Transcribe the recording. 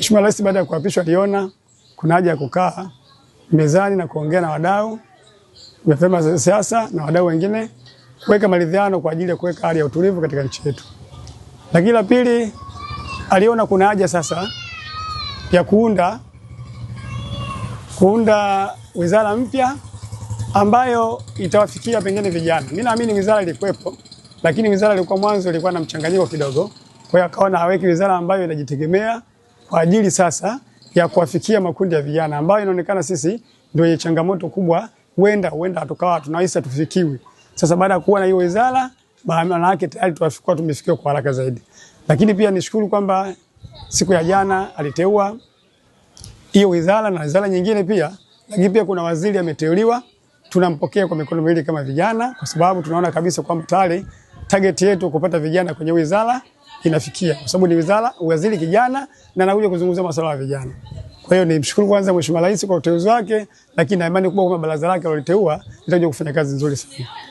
Mheshimiwa Rais baada ya kuapishwa aliona kuna haja ya kukaa mezani na kuongea na wadau wa vyama vya siasa na wadau wengine kuweka maridhiano kwa ajili ya kuweka hali ya utulivu katika nchi yetu. Lakini la pili, aliona kuna haja sasa ya kuunda kuunda wizara mpya ambayo itawafikia pengine vijana. Mimi naamini wizara ilikuwepo, lakini wizara ilikuwa mwanzo ilikuwa na mchanganyiko kidogo. Kwa hiyo akaona haweki wizara ambayo inajitegemea kwa ajili sasa ya kuwafikia makundi ya vijana ambayo inaonekana sisi ndio yenye changamoto kubwa, wenda wenda tukawa tunaweza tufikiwi. Sasa baada ya kuwa na hiyo wizara, maana yake tayari tuwafikia tumefikiwa kwa haraka zaidi. Lakini pia nishukuru kwamba siku ya jana aliteua hiyo wizara na wizara nyingine pia, lakini pia kuna waziri ameteuliwa, tunampokea kwa mikono miwili kama vijana, kwa sababu tunaona kabisa kwamba tayari target yetu kupata vijana kwenye wizara inafikia, kwa sababu ni wizara waziri kijana na anakuja kuzungumza masuala ya vijana. Kwa hiyo nimshukuru kwanza Mheshimiwa Rais kwa uteuzi wake, lakini na imani kubwa kwamba baraza lake aliliteua litakuja kufanya kazi nzuri sana.